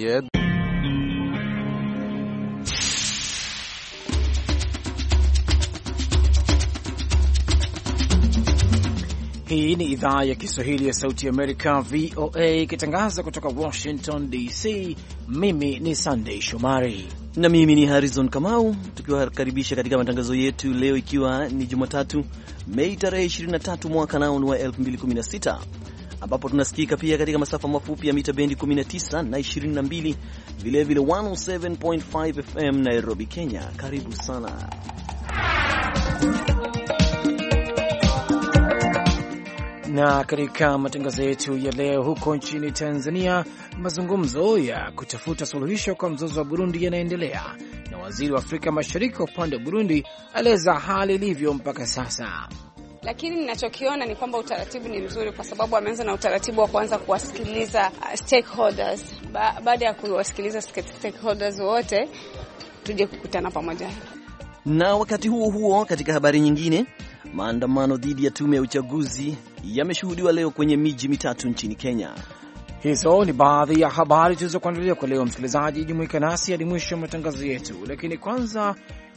Yeah. Hii ni idhaa ya Kiswahili ya Sauti ya Amerika VOA ikitangaza kutoka Washington DC. Mimi ni Sunday Shomari na mimi ni Harrison Kamau, tukiwakaribisha katika matangazo yetu leo, ikiwa ni Jumatatu Mei tarehe 23 mwaka nao ni wa 2016 ambapo tunasikika pia katika masafa mafupi ya mita bendi 19 na 22, vilevile 107.5 FM Nairobi, Kenya. Karibu sana. Na katika matangazo yetu ya leo, huko nchini Tanzania, mazungumzo ya kutafuta suluhisho kwa mzozo wa Burundi yanaendelea, na waziri wa Afrika Mashariki kwa upande wa Burundi aeleza hali ilivyo mpaka sasa lakini ninachokiona ni kwamba utaratibu ni mzuri, kwa sababu ameanza na utaratibu wa kuanza kuwasikiliza stakeholders. Ba baada ya kuwasikiliza stakeholders wote, tuje kukutana pamoja. Na wakati huo huo, katika habari nyingine, maandamano dhidi ya tume ya uchaguzi yameshuhudiwa leo kwenye miji mitatu nchini Kenya. Hizo ni baadhi ya habari tulizokuandalia kwa leo. Msikilizaji, jumuika nasi hadi mwisho wa matangazo yetu, lakini kwanza,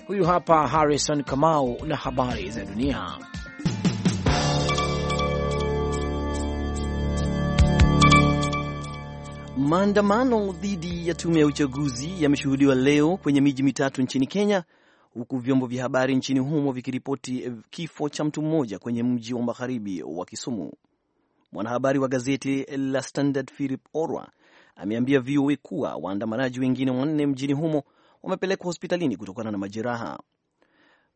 huyu hapa Harrison Kamau na habari za dunia. Maandamano dhidi ya tume ya uchaguzi yameshuhudiwa leo kwenye miji mitatu nchini Kenya, huku vyombo vya habari nchini humo vikiripoti eh, kifo cha mtu mmoja kwenye mji wa magharibi wa Kisumu. Mwanahabari wa gazeti la Standard Philip Orwa ameambia VOA kuwa waandamanaji wengine wanne mjini humo wamepelekwa hospitalini kutokana na majeraha.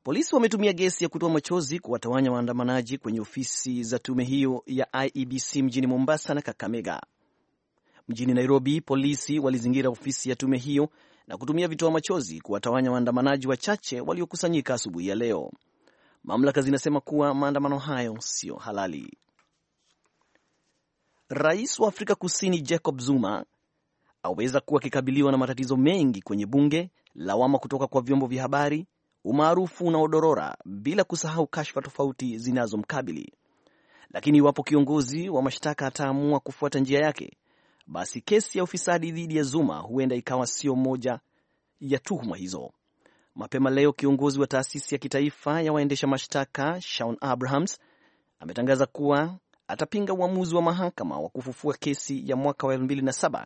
Polisi wametumia gesi ya kutoa machozi kuwatawanya waandamanaji kwenye ofisi za tume hiyo ya IEBC mjini Mombasa na Kakamega. Mjini Nairobi, polisi walizingira ofisi ya tume hiyo na kutumia vitoa machozi kuwatawanya waandamanaji wachache waliokusanyika asubuhi ya leo. Mamlaka zinasema kuwa maandamano hayo siyo halali. Rais wa Afrika Kusini Jacob Zuma aweza kuwa akikabiliwa na matatizo mengi kwenye bunge, lawama kutoka kwa vyombo vya habari, umaarufu unaodorora, bila kusahau kashfa tofauti zinazomkabili. Lakini iwapo kiongozi wa mashtaka ataamua kufuata njia yake, basi kesi ya ufisadi dhidi ya Zuma huenda ikawa sio moja ya tuhuma hizo. Mapema leo kiongozi wa taasisi ya kitaifa ya waendesha mashtaka Shaun Abrahams ametangaza kuwa atapinga uamuzi wa mahakama wa kufufua kesi ya mwaka wa 2007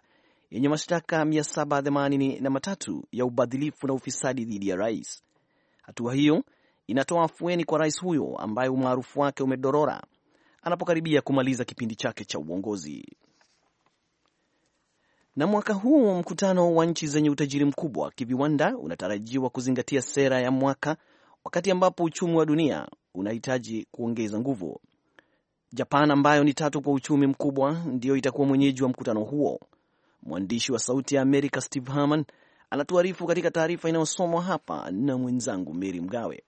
yenye mashtaka 783 ya ubadhilifu na ufisadi dhidi ya rais. Hatua hiyo inatoa afueni kwa rais huyo ambaye umaarufu wake umedorora anapokaribia kumaliza kipindi chake cha uongozi. Na mwaka huu mkutano wa nchi zenye utajiri mkubwa wa kiviwanda unatarajiwa kuzingatia sera ya mwaka, wakati ambapo uchumi wa dunia unahitaji kuongeza nguvu. Japan ambayo ni tatu kwa uchumi mkubwa ndiyo itakuwa mwenyeji wa mkutano huo. Mwandishi wa Sauti ya Amerika Steve Herman anatuarifu katika taarifa inayosomwa hapa na mwenzangu Meri Mgawe.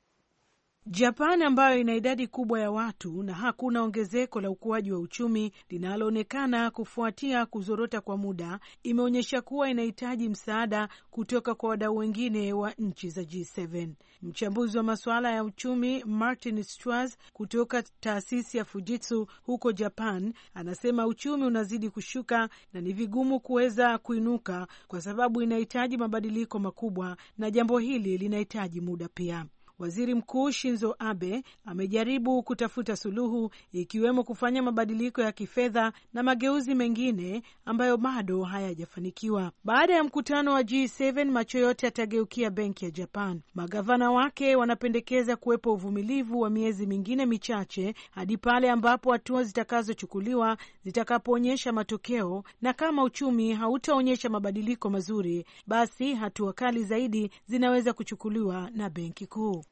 Japan ambayo ina idadi kubwa ya watu na hakuna ongezeko la ukuaji wa uchumi linaloonekana kufuatia kuzorota kwa muda, imeonyesha kuwa inahitaji msaada kutoka kwa wadau wengine wa nchi za G7. Mchambuzi wa masuala ya uchumi Martin stras kutoka taasisi ya Fujitsu huko Japan anasema uchumi unazidi kushuka na ni vigumu kuweza kuinuka kwa sababu inahitaji mabadiliko makubwa na jambo hili linahitaji muda pia. Waziri Mkuu Shinzo Abe amejaribu kutafuta suluhu, ikiwemo kufanya mabadiliko ya kifedha na mageuzi mengine ambayo bado hayajafanikiwa. Baada ya mkutano wa G7, macho yote yatageukia benki ya Japan. Magavana wake wanapendekeza kuwepo uvumilivu wa miezi mingine michache hadi pale ambapo hatua zitakazochukuliwa zitakapoonyesha matokeo, na kama uchumi hautaonyesha mabadiliko mazuri, basi hatua kali zaidi zinaweza kuchukuliwa na benki kuu.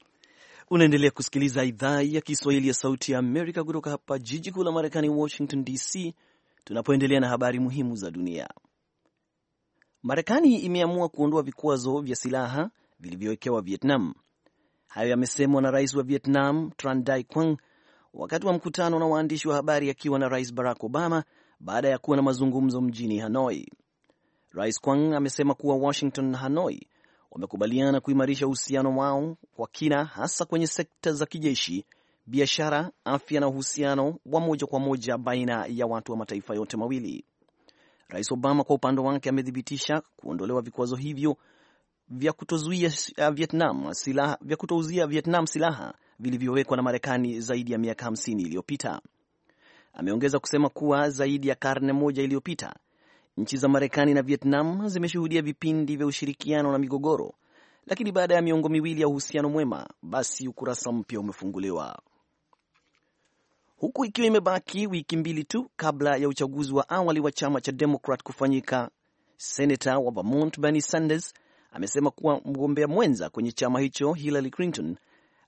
Unaendelea kusikiliza idhaa ya Kiswahili ya Sauti ya Amerika kutoka hapa jiji kuu la Marekani, Washington DC, tunapoendelea na habari muhimu za dunia. Marekani imeamua kuondoa vikwazo vya silaha vilivyowekewa Vietnam. Hayo yamesemwa na rais wa Vietnam Tran Dai Quang wakati wa mkutano na waandishi wa habari akiwa na rais Barack Obama baada ya kuwa na mazungumzo mjini Hanoi. Rais Quang amesema kuwa Washington na Hanoi wamekubaliana kuimarisha uhusiano wao kwa kina, hasa kwenye sekta za kijeshi, biashara, afya na uhusiano wa moja kwa moja baina ya watu wa mataifa yote mawili. Rais Obama kwa upande wake amethibitisha kuondolewa vikwazo hivyo vya kutouzia eh, Vietnam silaha, vya kutouzia Vietnam silaha vilivyowekwa na Marekani zaidi ya miaka 50 iliyopita. Ameongeza kusema kuwa zaidi ya karne moja iliyopita Nchi za Marekani na Vietnam zimeshuhudia vipindi vya ushirikiano na migogoro, lakini baada ya miongo miwili ya uhusiano mwema, basi ukurasa mpya umefunguliwa, huku ikiwa imebaki wiki mbili tu kabla ya uchaguzi wa awali wa chama cha Demokrat kufanyika. Senata wa Vermont Bernie Sanders amesema kuwa mgombea mwenza kwenye chama hicho Hillary Clinton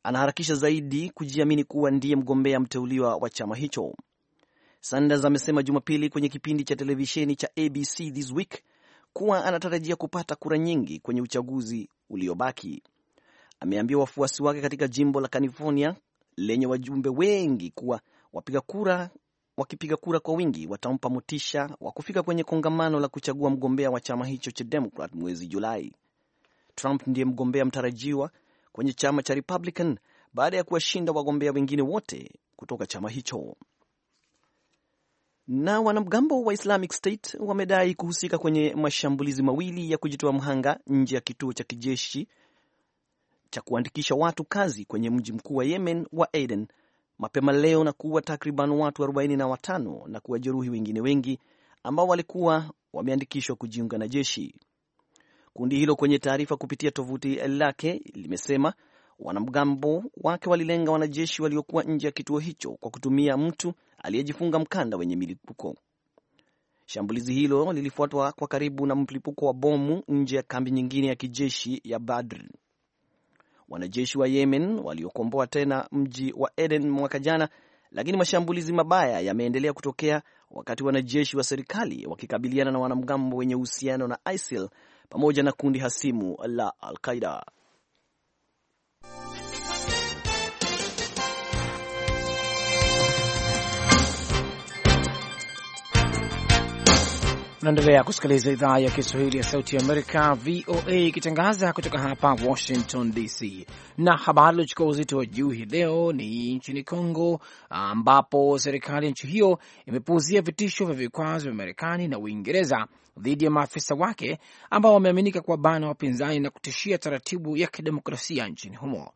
anaharakisha zaidi kujiamini kuwa ndiye mgombea mteuliwa wa chama hicho. Sanders amesema Jumapili kwenye kipindi cha televisheni cha ABC This Week kuwa anatarajia kupata kura nyingi kwenye uchaguzi uliobaki. Ameambia wafuasi wake katika jimbo la California lenye wajumbe wengi kuwa wapiga kura wakipiga kura kwa wingi watampa motisha wa kufika kwenye kongamano la kuchagua mgombea wa chama hicho cha Democrat mwezi Julai. Trump ndiye mgombea mtarajiwa kwenye chama cha Republican baada ya kuwashinda wagombea wengine wote kutoka chama hicho na wanamgambo wa Islamic State wamedai kuhusika kwenye mashambulizi mawili ya kujitoa mhanga nje ya kituo cha kijeshi cha kuandikisha watu kazi kwenye mji mkuu wa Yemen wa Aden mapema leo na kuua takriban watu 45 na kuwajeruhi wengine wengi ambao walikuwa wameandikishwa kujiunga na jeshi. Kundi hilo kwenye taarifa kupitia tovuti lake limesema wanamgambo wake walilenga wanajeshi waliokuwa nje ya kituo hicho kwa kutumia mtu aliyejifunga mkanda wenye milipuko. Shambulizi hilo lilifuatwa kwa karibu na mlipuko wa bomu nje ya kambi nyingine ya kijeshi ya Badr. Wanajeshi wa Yemen waliokomboa tena mji wa Eden mwaka jana, lakini mashambulizi mabaya yameendelea kutokea wakati wanajeshi wa serikali wakikabiliana na wanamgambo wenye uhusiano na ISIL pamoja na kundi hasimu la Al-Qaida. Unaendelea kusikiliza idhaa ya Kiswahili ya Sauti ya Amerika, VOA, ikitangaza kutoka hapa Washington DC. Na habari iliochukua uzito wa juu hii leo ni nchini Congo, ambapo serikali ya nchi hiyo imepuuzia vitisho vya vikwazo vya Marekani na Uingereza dhidi ya maafisa wake ambao wameaminika kuwa bana wapinzani na kutishia taratibu ya kidemokrasia nchini humo.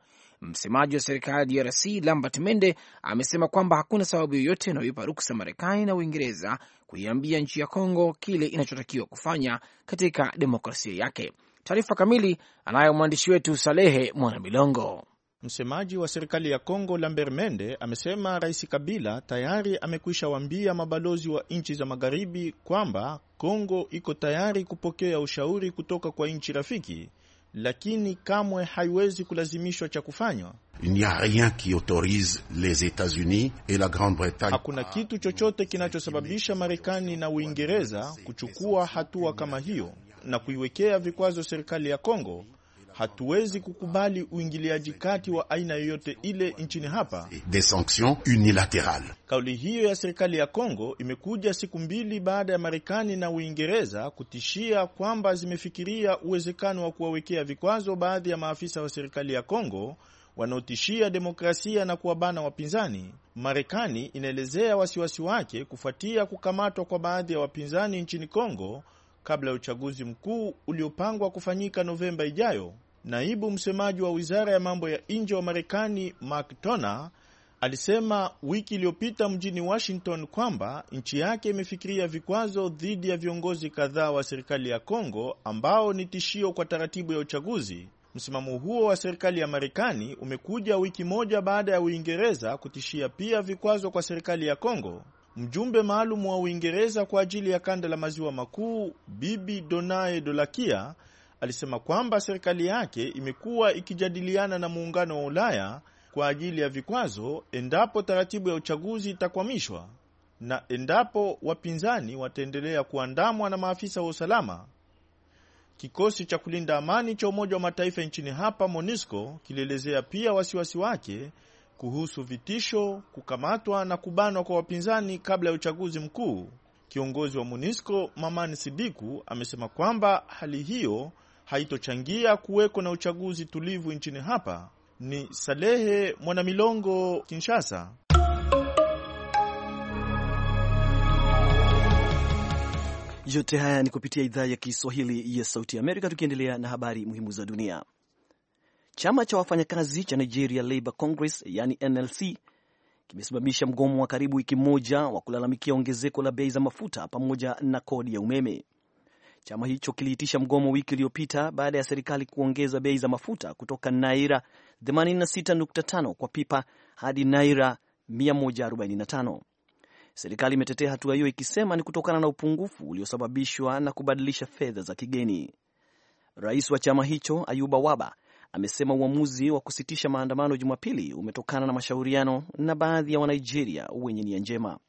Msemaji wa serikali ya DRC Lambert Mende amesema kwamba hakuna sababu yoyote inayoipa ruksa Marekani na Uingereza kuiambia nchi ya Kongo kile inachotakiwa kufanya katika demokrasia yake. Taarifa kamili anayo mwandishi wetu Salehe Mwanamilongo. Msemaji wa serikali ya Kongo Lambert Mende amesema Rais Kabila tayari amekwisha waambia mabalozi wa nchi za magharibi kwamba Kongo iko tayari kupokea ushauri kutoka kwa nchi rafiki lakini kamwe haiwezi kulazimishwa cha kufanywa. Hakuna kitu chochote kinachosababisha Marekani na Uingereza kuchukua hatua kama hiyo na kuiwekea vikwazo serikali ya Kongo Hatuwezi kukubali uingiliaji kati wa aina yoyote ile nchini hapa. Des sanctions unilaterales. Kauli hiyo ya serikali ya Kongo imekuja siku mbili baada ya Marekani na Uingereza kutishia kwamba zimefikiria uwezekano wa kuwawekea vikwazo baadhi ya maafisa wa serikali ya Kongo wanaotishia demokrasia na kuwabana wapinzani. Marekani inaelezea wasiwasi wake kufuatia kukamatwa kwa baadhi ya wapinzani nchini Kongo kabla ya uchaguzi mkuu uliopangwa kufanyika Novemba ijayo. Naibu msemaji wa wizara ya mambo ya nje wa Marekani Mark Tona alisema wiki iliyopita mjini Washington kwamba nchi yake imefikiria vikwazo dhidi ya viongozi kadhaa wa serikali ya Kongo ambao ni tishio kwa taratibu ya uchaguzi. Msimamo huo wa serikali ya Marekani umekuja wiki moja baada ya Uingereza kutishia pia vikwazo kwa serikali ya Kongo. Mjumbe maalum wa Uingereza kwa ajili ya kanda la maziwa makuu Bibi Donae Dolakia alisema kwamba serikali yake imekuwa ikijadiliana na muungano wa Ulaya kwa ajili ya vikwazo endapo taratibu ya uchaguzi itakwamishwa na endapo wapinzani wataendelea kuandamwa na maafisa wa usalama. Kikosi cha kulinda amani cha Umoja wa Mataifa nchini hapa, MONUSCO, kilielezea pia wasiwasi wake kuhusu vitisho, kukamatwa na kubanwa kwa wapinzani kabla ya uchaguzi mkuu. Kiongozi wa MONUSCO Mamani Sidiku amesema kwamba hali hiyo haitochangia kuweko na uchaguzi tulivu nchini hapa. Ni Salehe Mwanamilongo, Kinshasa. Yote haya ni kupitia idhaa ya Kiswahili ya Sauti Amerika. Tukiendelea na habari muhimu za dunia, chama cha wafanyakazi cha Nigeria Labour Congress, yani NLC, kimesimamisha mgomo wa karibu wiki moja wa kulalamikia ongezeko la bei za mafuta pamoja na kodi ya umeme. Chama hicho kiliitisha mgomo wiki iliyopita baada ya serikali kuongeza bei za mafuta kutoka naira 86.5 kwa pipa hadi naira 145. Serikali imetetea hatua hiyo ikisema ni kutokana na upungufu uliosababishwa na kubadilisha fedha za kigeni. Rais wa chama hicho Ayuba Waba amesema uamuzi wa kusitisha maandamano Jumapili umetokana na mashauriano na baadhi ya Wanigeria wenye nia njema.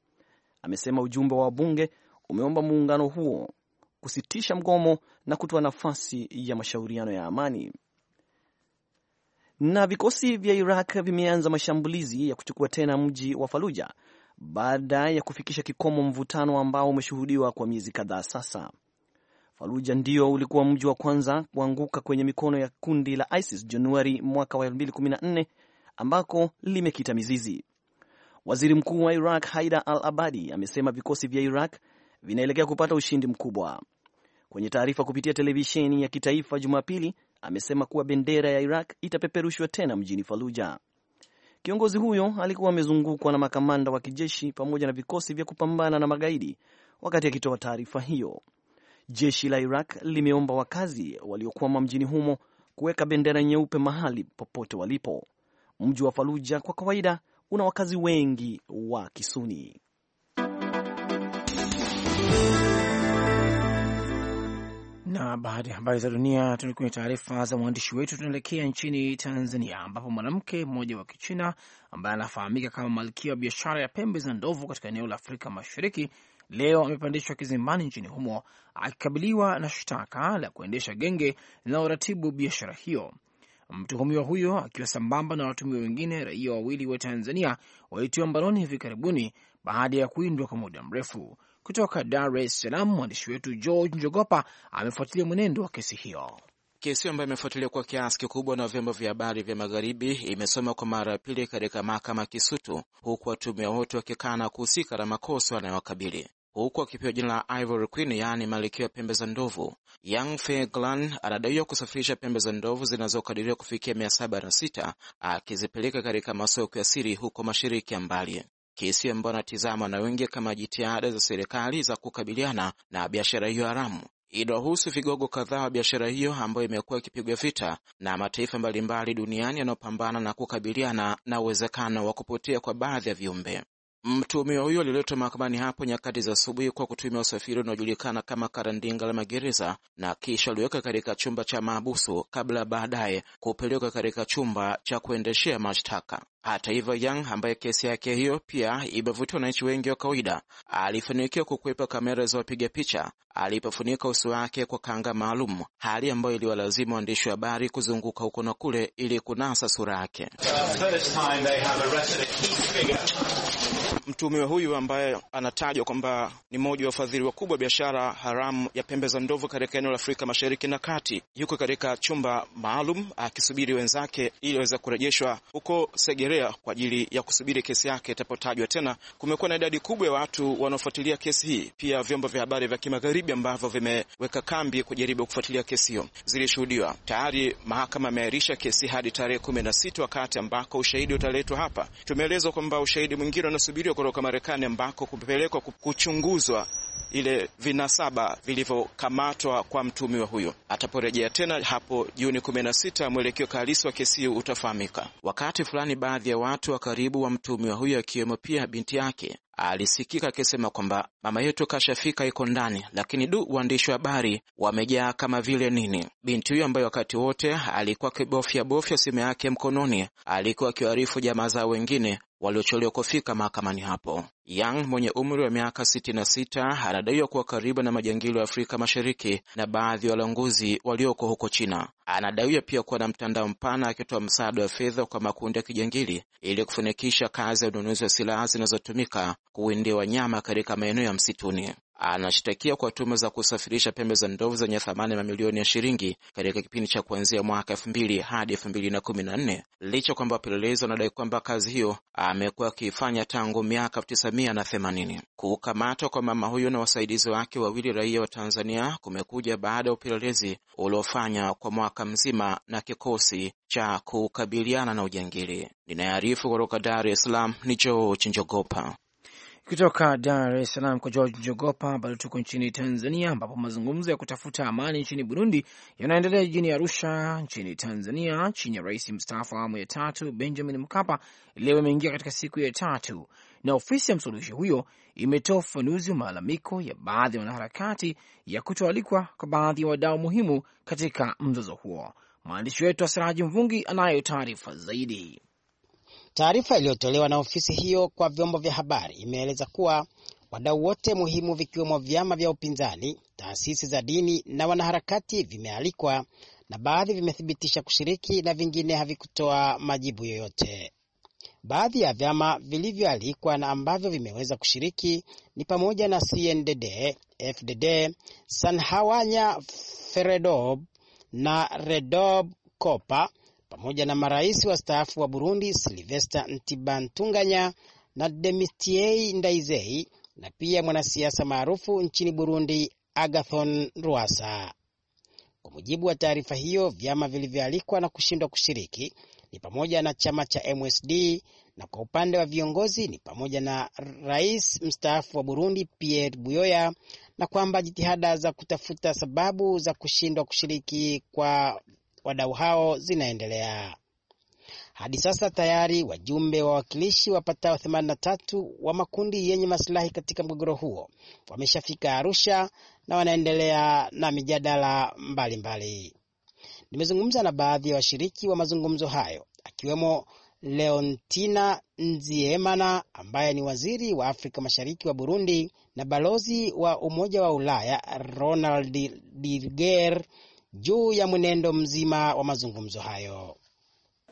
Amesema ujumbe wa wabunge umeomba muungano huo kusitisha mgomo na kutoa nafasi ya mashauriano ya amani. Na vikosi vya Iraq vimeanza mashambulizi ya kuchukua tena mji wa Faluja baada ya kufikisha kikomo mvutano ambao umeshuhudiwa kwa miezi kadhaa sasa. Faluja ndio ulikuwa mji wa kwanza kuanguka kwenye mikono ya kundi la ISIS Januari mwaka wa 2014 ambako limekita mizizi. Waziri mkuu wa Iraq Haidar al Abadi amesema vikosi vya Iraq vinaelekea kupata ushindi mkubwa. Kwenye taarifa kupitia televisheni ya kitaifa Jumapili, amesema kuwa bendera ya Iraq itapeperushwa tena mjini Faluja. Kiongozi huyo alikuwa amezungukwa na makamanda wa kijeshi pamoja na vikosi vya kupambana na magaidi wakati akitoa taarifa hiyo. Jeshi la Iraq limeomba wakazi waliokwama mjini humo kuweka bendera nyeupe mahali popote walipo. Mji wa Faluja kwa kawaida una wakazi wengi wa Kisuni. Na baada ya habari za dunia tulikuwa taarifa za mwandishi wetu, tunaelekea nchini Tanzania ambapo mwanamke mmoja wa Kichina ambaye anafahamika kama malkia wa biashara ya pembe za ndovu katika eneo la Afrika Mashariki leo amepandishwa kizimbani nchini humo akikabiliwa na shtaka la kuendesha genge linaloratibu biashara hiyo. Mtuhumiwa huyo akiwa sambamba na watumiwa wengine raia wawili wa Tanzania walitiwa mbaroni hivi karibuni baada ya kuindwa kwa muda mrefu. Kutoka Dar es Salaam, mwandishi wetu George Njogopa amefuatilia mwenendo wa kesi hiyo. Kesi ambayo imefuatiliwa kwa kiasi kikubwa na vyombo vya habari vya magharibi imesoma kwa mara ya pili katika mahakama ya Kisutu, huku watumia wote wakikana kuhusika na makosa yanayowakabili huku akipewa jina la Ivory Queen, yaani malikio ya pembe za ndovu. Yang Fe Glan anadaiwa kusafirisha pembe za ndovu zinazokadiriwa kufikia mia saba na sita akizipeleka katika masoko ya siri huko mashariki ya mbali kesi ambayo anatizama na wengi kama jitihada za serikali za kukabiliana na biashara hiyo haramu. Inahusu vigogo kadhaa wa biashara hiyo ambayo imekuwa ikipigwa vita na mataifa mbalimbali duniani yanayopambana na kukabiliana na uwezekano wa kupotea kwa baadhi ya viumbe. Mtuhumiwa huyo aliletwa mahakamani hapo nyakati za asubuhi kwa kutumia usafiri unaojulikana kama karandinga la magereza na kisha aliweka katika chumba cha maabusu kabla ya baadaye kupelekwa katika chumba cha kuendeshea mashtaka. Hata hivyo, Yang ambaye kesi yake hiyo pia imevutia wananchi wengi wa kawaida, alifanikiwa kukwepa kamera za wapiga picha alipofunika uso wake kwa kanga maalum, hali ambayo iliwalazima waandishi wa habari kuzunguka huko na kule ili kunasa sura yake. Mtuhumiwa huyu ambaye anatajwa kwamba ni mmoja wa wafadhili wakubwa biashara haramu ya pembe za ndovu katika eneo la Afrika Mashariki na Kati yuko katika chumba maalum akisubiri wenzake ili aweza kurejeshwa huko Segere Korea kwa ajili ya kusubiri kesi yake itapotajwa tena. Kumekuwa na idadi kubwa ya watu wanaofuatilia kesi hii. Pia vyombo vya habari vya kimagharibi ambavyo vimeweka kambi kujaribu kufuatilia kesi hiyo zilishuhudiwa tayari. Mahakama imeahirisha kesi hadi tarehe kumi na sita wakati ambako ushahidi utaletwa hapa. Tumeelezwa kwamba ushahidi mwingine unasubiriwa kutoka Marekani ambako kupelekwa kuchunguzwa ile vinasaba vilivyokamatwa kwa mtumiwa huyo. Ataporejea tena hapo Juni kumi na sita, mwelekeo halisi wa kesi utafahamika. Wakati fulani baadhi baadhi ya watu wa karibu wa mtuhumiwa huyo akiwemo pia binti yake alisikika akisema kwamba mama yetu kashafika, iko ndani, lakini du, waandishi wa habari wamejaa kama vile nini. Binti huyo ambaye wakati wote alikuwa akibofya bofya simu yake mkononi, alikuwa akiwaarifu jamaa zao wengine waliochelewa kufika mahakamani hapo. Young mwenye umri wa miaka 66 anadaiwa kuwa karibu na majangili wa Afrika Mashariki na baadhi ya walanguzi walioko huko China. Anadaiwa pia kuwa na mtandao mpana, akitoa msaada wa fedha kwa makundi ya kijangili ili kufanikisha kazi ya ununuzi wa silaha zinazotumika kuwindia wanyama katika maeneo ya msituni anashtakia kwa tuma za kusafirisha pembe za ndovu zenye thamani mamilioni ya shilingi katika kipindi cha kuanzia mwaka elfu mbili hadi elfu mbili na kumi na nne licha kwamba wapelelezi wanadai kwamba kazi hiyo amekuwa akiifanya tangu miaka elfu tisa mia na themanini. Kukamatwa kwa mama huyo na wasaidizi wake wawili raia wa Tanzania kumekuja baada ya upelelezi uliofanya kwa mwaka mzima na kikosi cha kukabiliana na ujangili. Ninayearifu kutoka Dar es Salaam ni Joo Njogopa. Kutoka Dar es Salaam kwa George Njogopa. Bado tuko nchini Tanzania, ambapo mazungumzo ya kutafuta amani nchini Burundi yanaendelea jijini Arusha nchini Tanzania, chini ya rais mstaafu wa awamu ya tatu Benjamin Mkapa. Leo imeingia katika siku ya tatu, na ofisi ya msuluhishi huyo imetoa ufafanuzi wa malalamiko ya baadhi ya wanaharakati ya kutoalikwa kwa baadhi ya wadau muhimu katika mzozo huo. Mwandishi wetu Asiraji Mvungi anayo taarifa zaidi. Taarifa iliyotolewa na ofisi hiyo kwa vyombo vya habari imeeleza kuwa wadau wote muhimu vikiwemo vyama vya upinzani, taasisi za dini na wanaharakati vimealikwa na baadhi vimethibitisha kushiriki na vingine havikutoa majibu yoyote. Baadhi ya vyama vilivyoalikwa na ambavyo vimeweza kushiriki ni pamoja na CNDD, FDD, Sanhawanya Feredob na Redob Kopa pamoja na marais wastaafu wa Burundi Silvesta Ntibantunganya na Demistiei Ndaizei na pia mwanasiasa maarufu nchini Burundi Agathon Rwasa. Kwa mujibu wa taarifa hiyo, vyama vilivyoalikwa na kushindwa kushiriki ni pamoja na chama cha MSD na kwa upande wa viongozi ni pamoja na rais mstaafu wa Burundi Pierre Buyoya, na kwamba jitihada za kutafuta sababu za kushindwa kushiriki kwa wadau hao zinaendelea. Hadi sasa tayari wajumbe wa wawakilishi wapatao 83 wa makundi yenye masilahi katika mgogoro huo wameshafika Arusha na wanaendelea na mijadala mbalimbali Nimezungumza na baadhi ya wa washiriki wa mazungumzo hayo akiwemo Leontina Nziemana ambaye ni waziri wa Afrika Mashariki wa Burundi na balozi wa Umoja wa Ulaya Ronald Dirger juu ya mwenendo mzima wa mazungumzo hayo.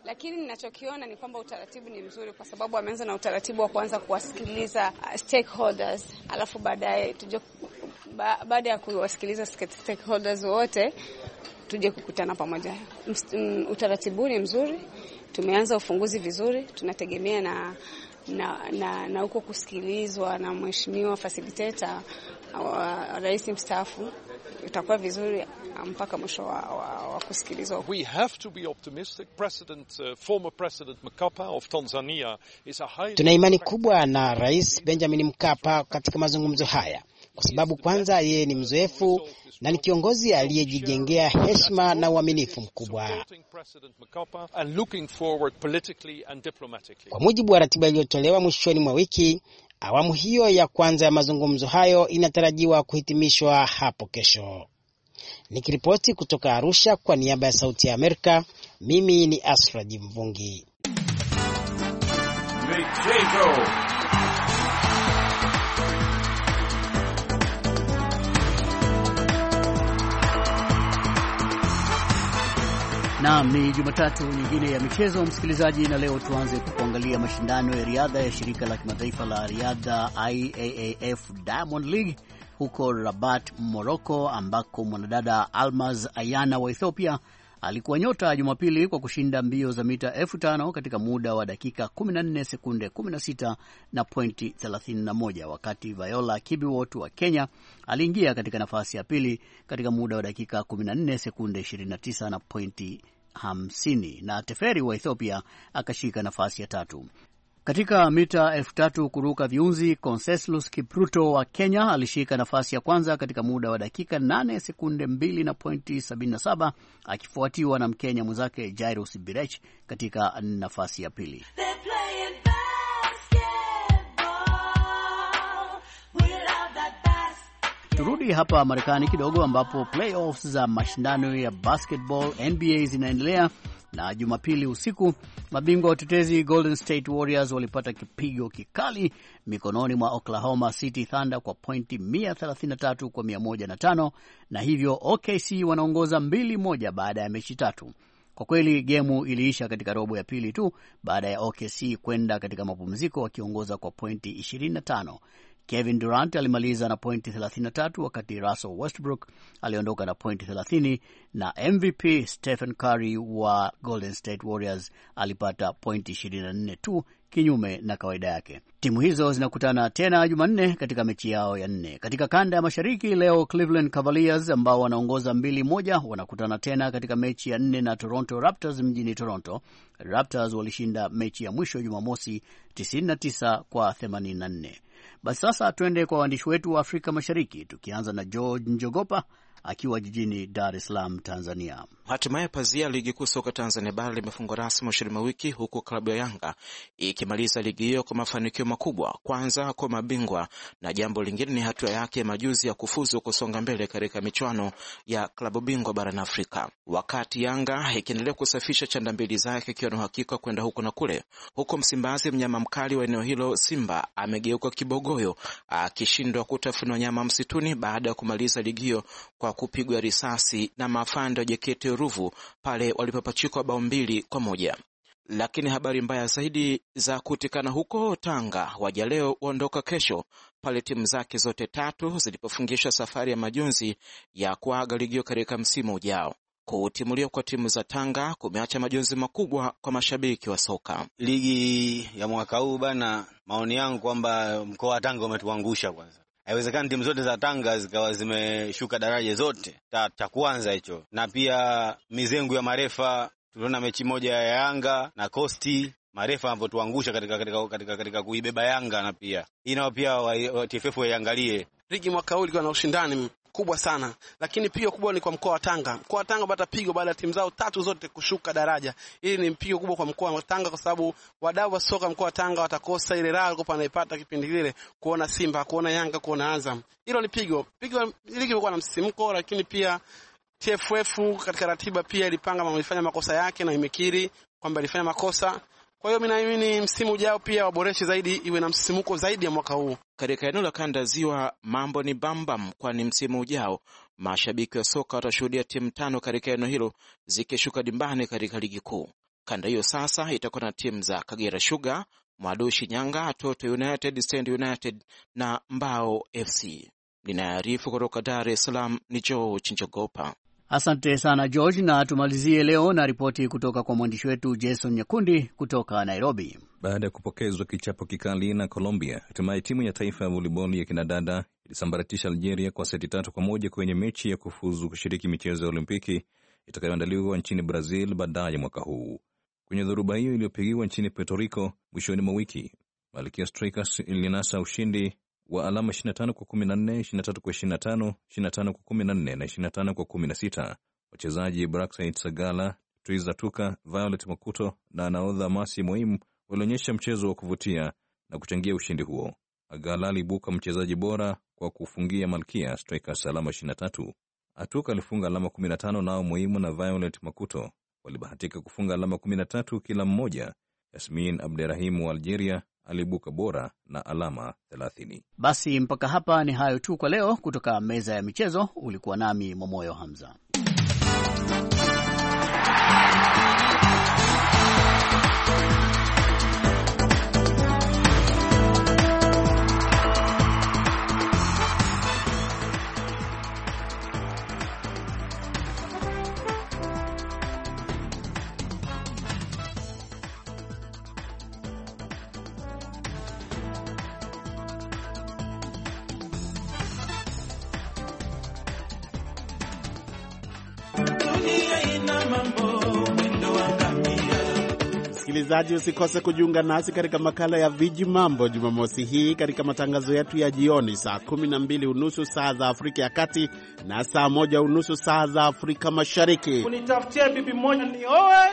Lakini ninachokiona ni kwamba utaratibu ni mzuri, kwa sababu ameanza na utaratibu wa kuanza kuwasikiliza uh, stakeholders, alafu baadaye tuje, baada ya kuwasikiliza stakeholders wote tuje kukutana pamoja. Utaratibu ni mzuri, tumeanza ufunguzi vizuri, tunategemea na na, na, na huko kusikilizwa na mheshimiwa facilitator uh, rais mstaafu itakuwa vizuri mpaka mwisho wa, wa, wa kusikilizwa. We have to be optimistic. President, uh, former President Mkapa of Tanzania is a high... Tuna imani kubwa na Rais Benjamin Mkapa katika mazungumzo haya kwa sababu kwanza yeye ni mzoefu na ni kiongozi aliyejijengea heshima na uaminifu mkubwa. Kwa mujibu wa ratiba iliyotolewa mwishoni mwa wiki, awamu hiyo ya kwanza ya mazungumzo hayo inatarajiwa kuhitimishwa hapo kesho. Nikiripoti kutoka Arusha kwa niaba ya Sauti ya Amerika, mimi ni Asraji Mvungi. Michezo. Naam, ni Jumatatu nyingine ya michezo msikilizaji, na leo tuanze kuangalia mashindano ya riadha ya shirika la kimataifa la riadha IAAF Diamond League huko Rabat, Moroko, ambako mwanadada Almaz Ayana wa Ethiopia alikuwa nyota Jumapili kwa kushinda mbio za mita elfu tano katika muda wa dakika 14 sekunde 16 na pointi 31, wakati Viola Kibiwot wa Kenya aliingia katika nafasi ya pili katika muda wa dakika 14 sekunde 29 na pointi 50, na Teferi wa Ethiopia akashika nafasi ya tatu. Katika mita elfu tatu kuruka viunzi, Conseslus Kipruto wa Kenya alishika nafasi ya kwanza katika muda wa dakika 8 sekunde 2 na pointi 77, akifuatiwa na Mkenya mwenzake Jairus Birech katika nafasi ya pili. Turudi hapa Marekani kidogo, ambapo playoffs za mashindano ya basketball NBA zinaendelea na Jumapili usiku mabingwa watetezi Golden State Warriors walipata kipigo kikali mikononi mwa Oklahoma City Thunder kwa pointi 133 kwa 105, na hivyo OKC wanaongoza 2-1 baada ya mechi tatu. Kwa kweli gemu iliisha katika robo ya pili tu baada ya OKC kwenda katika mapumziko wakiongoza kwa pointi 25. Kevin Durant alimaliza na pointi 33 wakati Russell Westbrook aliondoka na pointi 30 na MVP Stephen Curry wa Golden State Warriors alipata pointi 24 tu, kinyume na kawaida yake. Timu hizo zinakutana tena Jumanne katika mechi yao ya nne. Katika kanda ya mashariki leo, Cleveland Cavaliers ambao wanaongoza mbili moja wanakutana tena katika mechi ya nne na Toronto Raptors mjini Toronto. Raptors walishinda mechi ya mwisho Jumamosi 99 kwa 84. Basi sasa twende kwa waandishi wetu wa Afrika Mashariki, tukianza na George Njogopa akiwa jijini Dar es Salaam, Tanzania. Hatimaye pazia ligi kuu soka Tanzania bara limefungwa rasmi mwishoni mwa wiki, huku klabu ya Yanga ikimaliza ligi hiyo kwa mafanikio makubwa, kwanza kwa mabingwa, na jambo lingine ni hatua yake majuzi ya kufuzu kusonga mbele katika michuano ya klabu bingwa barani Afrika. Wakati Yanga ikiendelea kusafisha chanda mbili zake ikiwa na uhakika kwenda huko na kule, huko Msimbazi mnyama mkali wa eneo hilo Simba amegeuka kibogoyo, akishindwa kutafuna nyama msituni baada ya kumaliza ligi hiyo kwa kupigwa risasi na mafando JKT Ruvu pale walipopachikwa bao mbili kwa moja. Lakini habari mbaya zaidi za kutikana huko Tanga, waja leo waondoka kesho, pale timu zake zote tatu zilipofungisha safari ya majonzi ya kuaga ligio katika msimu ujao. Kutimuliwa kwa timu za Tanga kumeacha majonzi makubwa kwa mashabiki wa soka ligi ya mwaka huu bana. Maoni yangu kwamba mkoa wa Tanga umetuangusha kwanza Haiwezekani timu zote za Tanga zikawa zimeshuka daraja zote tatu, cha kwanza hicho. Na pia mizengu ya marefa, tuliona mechi moja ya Yanga na Kosti marefa anavyotuangusha katika, katika, katika, katika kuibeba Yanga na pia hii nao pia TFF waiangalie. Ligi mwaka huu ilikuwa na ushindani kubwa sana, lakini pigo kubwa ni kwa mkoa wa Tanga. Mkoa wa Tanga pata pigo baada ya timu zao tatu zote kushuka daraja. Hili ni pigo kubwa kwa mkoa wa Tanga, kwa sababu wadau wa soka mkoa wa Tanga watakosa ile raha walikuwa wanaipata kipindi kile, kuona Simba, kuona Yanga, kuona Azam. Hilo ni pigo. Pigo ligi imekuwa na msisimko, lakini pia TFF katika ratiba pia ilipanga, ilifanya makosa yake na imekiri kwamba ilifanya makosa kwa hiyo mimi naamini msimu ujao pia waboreshe zaidi, iwe na msisimuko zaidi ya mwaka huu. Katika eneo la kanda ziwa mambo ni bambam, kwani msimu ujao mashabiki wa soka watashuhudia timu tano katika eneo hilo zikishuka dimbani katika ligi kuu. Kanda hiyo sasa itakuwa na timu za Kagera Sugar, Mwadui Shinyanga, Toto United, Stand United na Mbao FC. Ninaarifu kutoka Dar es Salaam ni Joe Njogopa. Asante sana George, na tumalizie leo na ripoti kutoka kwa mwandishi wetu Jason Nyakundi kutoka Nairobi. Baada ya kupokezwa kichapo kikali na Colombia, hatimaye timu ya taifa ya voliboli ya kinadada ilisambaratisha Algeria kwa seti tatu kwa moja kwenye mechi ya kufuzu kushiriki michezo ya Olimpiki itakayoandaliwa nchini Brazil baadaye mwaka huu. Kwenye dhoruba hiyo iliyopigiwa nchini Puerto Rico mwishoni mwa wiki, Malkia Strikers ilinasa ushindi wa alama 25 kwa 14, 23 kwa 25, 25 kwa 14 na 25 kwa 16. Wachezaji Brakside Sagala, Twiza Tuka, Violet Makuto na naodha Masi Moimu walionyesha mchezo wa kuvutia na kuchangia ushindi huo. Agala alibuka mchezaji bora kwa kufungia Malkia Strikers alama 23. Atuka alifunga alama 15, nao Moimu na Violet Makuto walibahatika kufunga alama 13 kila mmoja. Yasmin Abderrahimu wa Algeria aliibuka bora na alama 30. Basi mpaka hapa ni hayo tu kwa leo, kutoka meza ya michezo. Ulikuwa nami Momoyo Hamza. Msikilizaji, usikose kujiunga nasi katika makala ya viji mambo Jumamosi hii katika matangazo yetu ya jioni saa kumi na mbili unusu saa za Afrika ya Kati na saa moja unusu saa za Afrika Mashariki. bibi moja nioe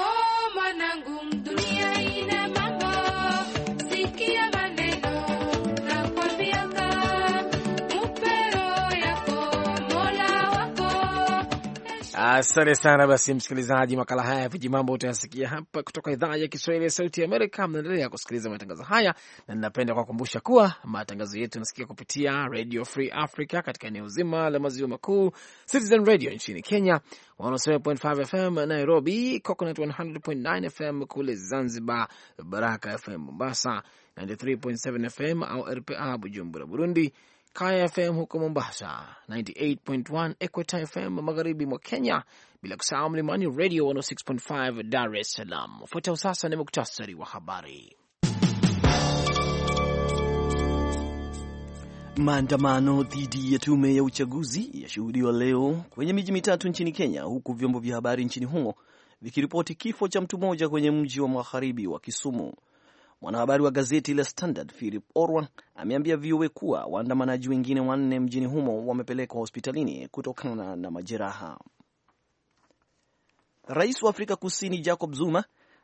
Asante sana. Basi msikilizaji, makala haya ya vijimambo utayasikia hapa kutoka idhaa ya Kiswahili ya Sauti ya Amerika. Mnaendelea kusikiliza matangazo haya, na ninapenda kuwakumbusha kuwa matangazo yetu yanasikia kupitia Radio Free Africa katika eneo zima la maziwa makuu, Citizen Radio nchini Kenya 107.5 FM Nairobi, Coconut 100.9 FM kule Zanzibar, Baraka FM Mombasa 93.7 FM au RPA Bujumbura, Burundi, Kaya FM huko Mombasa, 98.1 Equita FM magharibi mwa Kenya, bila kusahau Mlimani Radio 106.5 Dar es Salaam. Ufuatao sasa ni muktasari wa habari. Maandamano dhidi ya tume ya uchaguzi yashuhudiwa leo kwenye miji mitatu nchini Kenya, huku vyombo vya habari nchini humo vikiripoti kifo cha mtu mmoja kwenye mji wa magharibi wa Kisumu. Mwanahabari wa gazeti la Standard Philip orwa ameambia VOA kuwa waandamanaji wengine wanne mjini humo wamepelekwa hospitalini kutokana na majeraha. Rais wa Afrika Kusini Jacob Zuma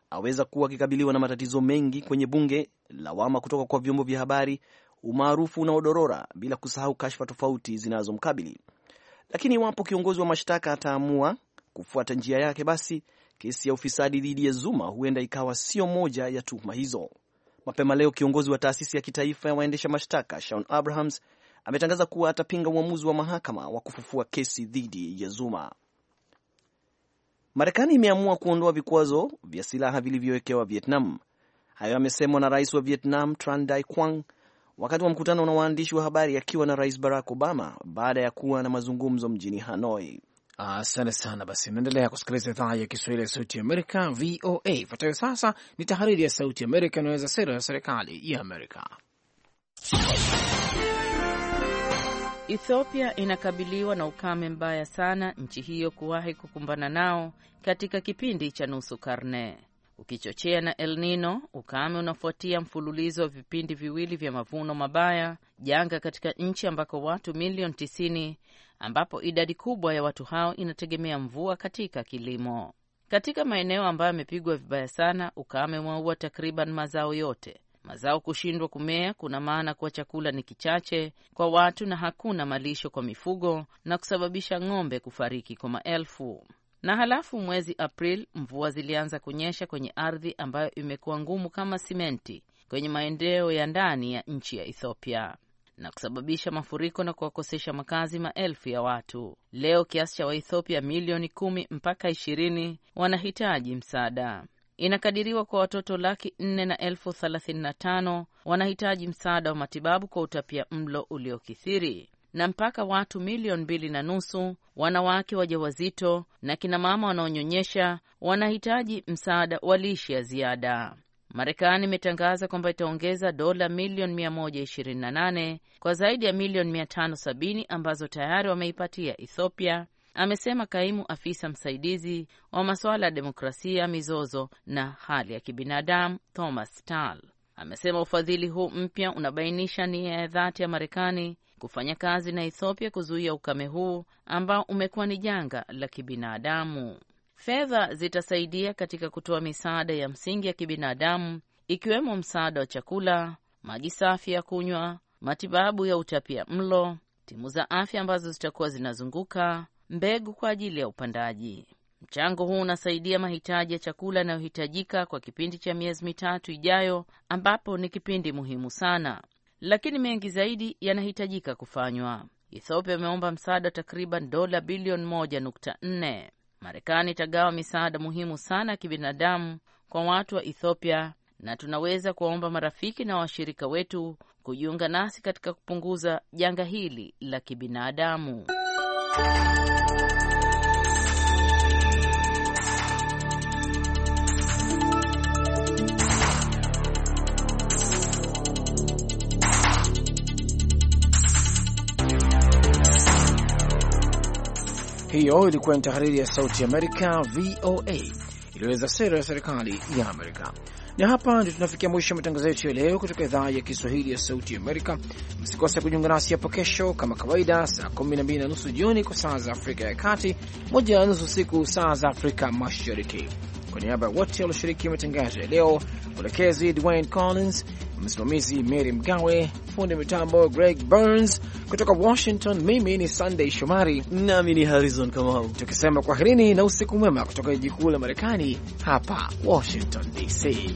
aweza kuwa akikabiliwa na matatizo mengi kwenye bunge, lawama kutoka kwa vyombo vya habari, umaarufu unaodorora, bila kusahau kashfa tofauti zinazomkabili. Lakini iwapo kiongozi wa mashtaka ataamua kufuata njia yake, basi kesi ya ufisadi dhidi ya Zuma huenda ikawa sio moja ya tuhuma hizo. Mapema leo kiongozi wa taasisi ya kitaifa ya waendesha mashtaka Shaun Abrahams ametangaza kuwa atapinga uamuzi wa mahakama wa kufufua kesi dhidi ya Zuma. Marekani imeamua kuondoa vikwazo vya silaha vilivyowekewa Vietnam. Hayo yamesemwa na rais wa Vietnam Tran Dai Quang wakati wa mkutano na waandishi wa habari akiwa na rais Barack Obama baada ya kuwa na mazungumzo mjini Hanoi. Asante sana. Basi naendelea kusikiliza idhaa ya Kiswahili ya Sauti Amerika, VOA. Ifuatayo sasa ni tahariri ya Sauti Amerika inaweza sera ya serikali ya Amerika. Ethiopia inakabiliwa na ukame mbaya sana nchi hiyo kuwahi kukumbana nao katika kipindi cha nusu karne, ukichochea na El Nino. Ukame unafuatia mfululizo wa vipindi viwili vya mavuno mabaya, janga katika nchi ambako watu milioni 90 ambapo idadi kubwa ya watu hao inategemea mvua katika kilimo. Katika maeneo ambayo yamepigwa vibaya sana, ukame umeua takriban mazao yote. Mazao kushindwa kumea kuna maana kuwa chakula ni kichache kwa watu na hakuna malisho kwa mifugo, na kusababisha ng'ombe kufariki kwa maelfu. Na halafu mwezi Aprili mvua zilianza kunyesha kwenye ardhi ambayo imekuwa ngumu kama simenti kwenye maendeo ya ndani ya nchi ya Ethiopia na kusababisha mafuriko na kuwakosesha makazi maelfu ya watu. Leo kiasi cha Waethiopia milioni kumi mpaka ishirini wanahitaji msaada. Inakadiriwa kwa watoto laki nne na elfu thelathini na tano wanahitaji msaada wa matibabu kwa utapia mlo uliokithiri na mpaka watu milioni mbili na nusu wanawake wajawazito na kinamama wanaonyonyesha wanahitaji msaada wa lishe ya ziada. Marekani imetangaza kwamba itaongeza dola milioni 128 kwa zaidi ya milioni 570 ambazo tayari wameipatia Ethiopia, amesema kaimu afisa msaidizi wa masuala ya demokrasia, mizozo na hali ya kibinadamu Thomas Staal. Amesema ufadhili huu mpya unabainisha nia ya dhati ya Marekani kufanya kazi na Ethiopia kuzuia ukame huu ambao umekuwa ni janga la kibinadamu. Fedha zitasaidia katika kutoa misaada ya msingi ya kibinadamu ikiwemo msaada wa chakula, maji safi ya kunywa, matibabu ya utapia mlo, timu za afya ambazo zitakuwa zinazunguka, mbegu kwa ajili ya upandaji. Mchango huu unasaidia mahitaji ya chakula yanayohitajika kwa kipindi cha miezi mitatu ijayo, ambapo ni kipindi muhimu sana, lakini mengi zaidi yanahitajika kufanywa. Ethiopia imeomba msaada wa takriban dola bilioni 1.4. Marekani itagawa misaada muhimu sana ya kibinadamu kwa watu wa Ethiopia na tunaweza kuwaomba marafiki na washirika wetu kujiunga nasi katika kupunguza janga hili la kibinadamu. Hiyo ilikuwa ni tahariri ya Sauti Amerika VOA iliyoweza sera ya serikali ya Amerika. Na hapa ndio tunafikia mwisho wa matangazo yetu ya leo kutoka idhaa ya Kiswahili ya Sauti Amerika. Msikose kujiunga nasi hapo kesho kama kawaida, saa 12 na nusu jioni kwa saa za Afrika ya Kati, moja na nusu usiku saa za Afrika Mashariki. Kwa niaba ya wote walioshiriki matangazo ya leo, mwelekezi Dwayne Collins, msimamizi Mary Mgawe, fundi mitambo Greg Burns kutoka Washington, mimi ni Sunday Shomari nami ni Harrison Kamau, tukisema kwaherini na usiku mwema kutoka jiji kuu la Marekani hapa Washington DC.